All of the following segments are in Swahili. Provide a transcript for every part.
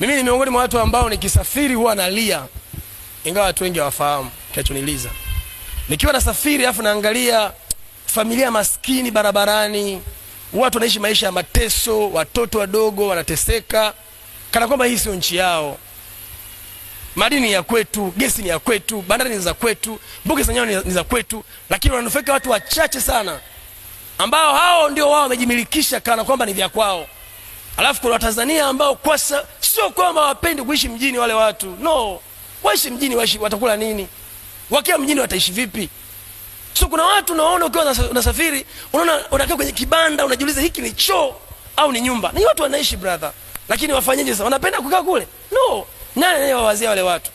Mimi ni miongoni mwa watu ambao nikisafiri huwa nalia, ingawa watu wengi hawafahamu kinachoniliza. Nikiwa nasafiri afu naangalia familia maskini barabarani, watu wanaishi maisha ya mateso, watoto wadogo wanateseka kana kwamba hii sio nchi yao. Madini ya kwetu, gesi ni ya kwetu, bandari ni za kwetu, mbuga za nyama ni za kwetu, lakini wananufaika watu wachache sana ambao hao ndio wao wamejimilikisha kana kwamba ni vya kwao alafu kuna watanzania ambao kwasa sio kwamba wapendi kuishi mjini wale watu no waishi mjini waishi, watakula nini wakiwa mjini wataishi vipi so kuna watu naona ukiwa unasafiri unaona unakaa kwenye kibanda unajiuliza hiki ni choo au ni nyumba ni watu wanaishi brother lakini wafanyaje sasa wanapenda kukaa kule no nani anayewawazia wale watu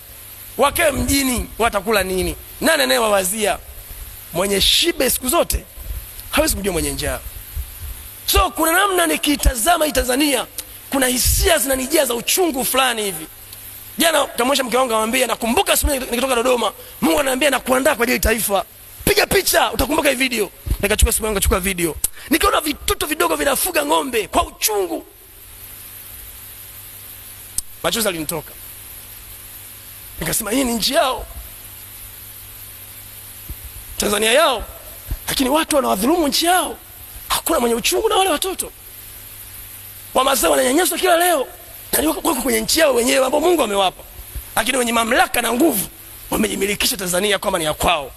wakae mjini watakula nini nani anayewawazia mwenye shibe siku zote hawezi kujua mwenye njaa so kuna namna nikitazama hii tanzania kuna hisia zinanijia za uchungu fulani hivi jana tamwesha mke wangu anamwambia nakumbuka siku nikitoka dodoma mungu ananiambia nakuandaa kwa ajili taifa piga picha utakumbuka hii video nikachukua simu yangu nikachukua video nikaona vitoto vidogo vinafuga ng'ombe kwa uchungu machozi alinitoka nikasema hii ni nchi yao tanzania yao lakini watu wanawadhulumu nchi yao hakuna mwenye uchungu na wale watoto wamazee wananyanyaswa kila leo wako kwenye nchi yao wenyewe ambao mungu amewapa lakini wenye mamlaka na nguvu wamejimilikisha tanzania kwamba ni ya kwao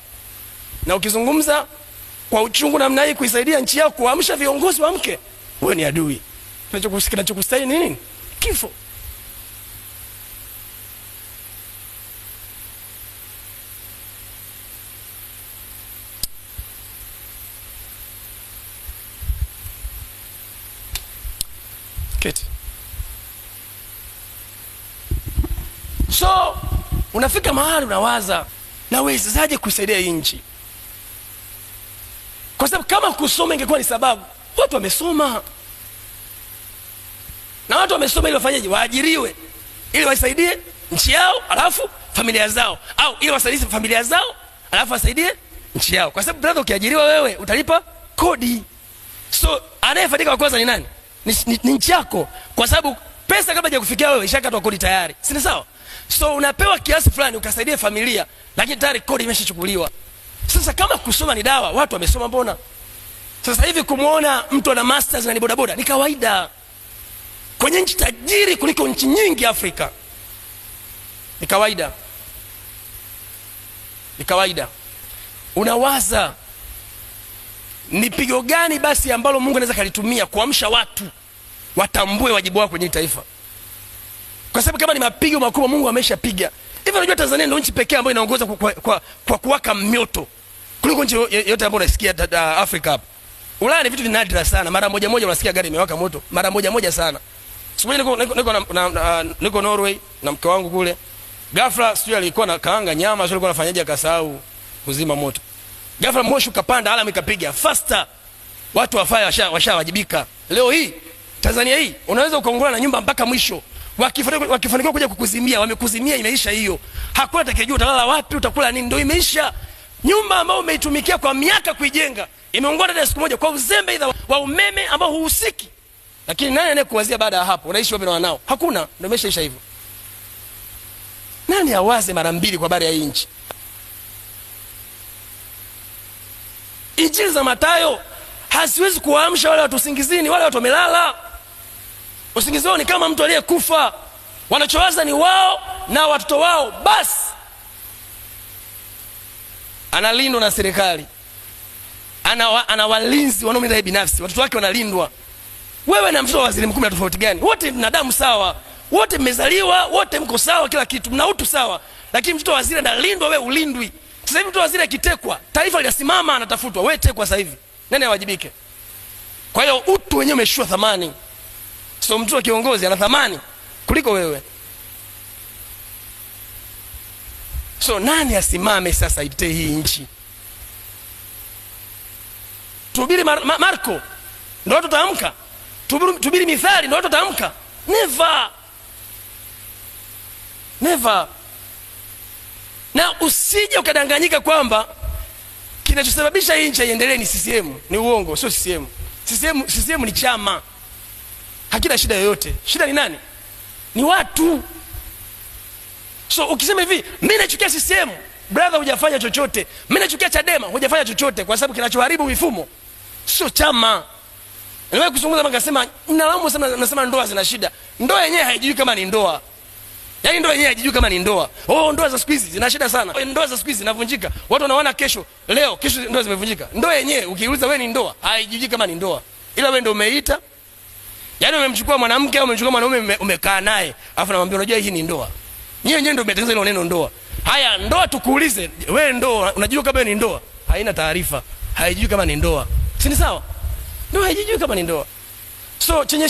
na ukizungumza kwa uchungu namna hii kuisaidia nchi yao kuamsha viongozi wa mke wewe ni adui kinachokustahili nini kifo keti so unafika mahali unawaza nawezaje kuisaidia hii nchi kwa sababu kama kusoma ingekuwa ni sababu watu wamesoma na watu wamesoma ili wafanyeje waajiriwe ili waisaidie nchi yao alafu familia zao au ili wasaidie familia zao alafu wasaidie nchi yao kwa sababu brother ukiajiriwa wewe utalipa kodi so anayefaidika wa kwanza ni nani ni, ni, ni nchi yako, kwa sababu pesa kabla kufikia wewe ishakatwa kodi tayari, si sawa? So unapewa kiasi fulani ukasaidia familia, lakini tayari kodi imeshachukuliwa. Sasa kama kusoma ni dawa, watu wamesoma, mbona sasa hivi kumwona mtu ana masters na ni bodaboda ni kawaida kwenye nchi tajiri kuliko nchi nyingi Afrika, ni kawaida, ni kawaida. Unawaza ni pigo gani basi ambalo mungu anaweza kalitumia kuamsha watu watambue wajibu wao kwenye taifa kwa sababu kama ni mapigo makubwa mungu ameshapiga hivi unajua tanzania ndio nchi pekee ambayo inaongoza kwa, kwa, kwa, kwa kuwaka mioto kuliko nchi yote ambayo unasikia afrika hapa ulaya ni vitu vinadira sana mara moja moja unasikia gari imewaka moto mara moja moja sana sikumoja niko, niko, niko, na, na, niko norway na mke wangu kule ghafla sijui alikuwa na kaanga nyama sio alikuwa anafanyaje akasahau kuzima moto ghafla moshi ukapanda, alarm ikapiga faster, watu wafaya washawajibika. Washa leo hii Tanzania hii unaweza ukaungana na nyumba mpaka mwisho, wakifanikiwa kuja kukuzimia, wamekuzimia, imeisha hiyo. Hakuna atakayejua utalala wapi, utakula nini, ndio imeisha. Nyumba ambayo umeitumikia kwa miaka kuijenga imeungua ndani ya siku moja kwa uzembe aidha wa umeme ambao huhusiki. Lakini nani anayekuwazia baada ya hapo? Unaishi wapi na wanao? Hakuna, ndio imeshaisha hivyo. Nani awaze mara mbili kwa habari ya nchi? Injili za Mathayo haziwezi kuwaamsha wale watu usingizini. Wale watu wamelala, usingizi wao ni kama mtu aliyekufa. Wanachowaza ni wao na watoto wao, basi analindwa na serikali, ana, ana walinzi wanaomlinda binafsi, watoto wake wanalindwa. Wewe na mtoto wa waziri mkuu tofauti gani? Wote mna damu sawa, wote mmezaliwa, wote mko sawa, kila kitu mna utu sawa, lakini mtoto wa waziri analindwa, wewe ulindwi sasa hivi mtu waziri akitekwa taifa linasimama anatafutwa wewe tekwa sasa hivi nani awajibike kwa hiyo utu wenyewe umeshua thamani so mtu wa kiongozi ana thamani kuliko wewe so nani asimame sasa ite hii nchi tubiri mar, mar, marko ndo tutaamka tubiri mithali ndo tutaamka neva neva na usije ukadanganyika kwamba kinachosababisha hii nchi iendelee ni CCM. Ni uongo, sio CCM. CCM, CCM ni chama, hakina shida yoyote. Shida ni nani? Ni watu. So ukisema hivi, mimi nachukia CCM, brother, hujafanya chochote. Mimi nachukia Chadema, hujafanya chochote, kwa sababu kinachoharibu mifumo sio chama. Niliwahi kuzungumza, nikasema mnalaumu sana, nasema ndoa zina shida. Ndoa yenyewe haijui kama ni ndoa yaani ndoa yeye hajijui kama ni ndoa oh ndoa za siku hizi zina shida sana oh, ndoa za siku hizi zinavunjika watu wanaona kesho leo kesho ndoa zimevunjika ndoa yenyewe ukiuliza wewe ni ndoa haijijui kama ni ndoa ila wewe ndio umeita yaani umemchukua mwanamke au umemchukua mwanaume umekaa naye afu namwambia unajua hii ni ndoa nyewe nyewe ndio umetengeneza ile neno ndoa haya ndoa tukuulize wewe ndoa unajua kama ni ndoa haina taarifa haijui kama ni ndoa si ni sawa ndoa haijijui kama ni ndoa so chenye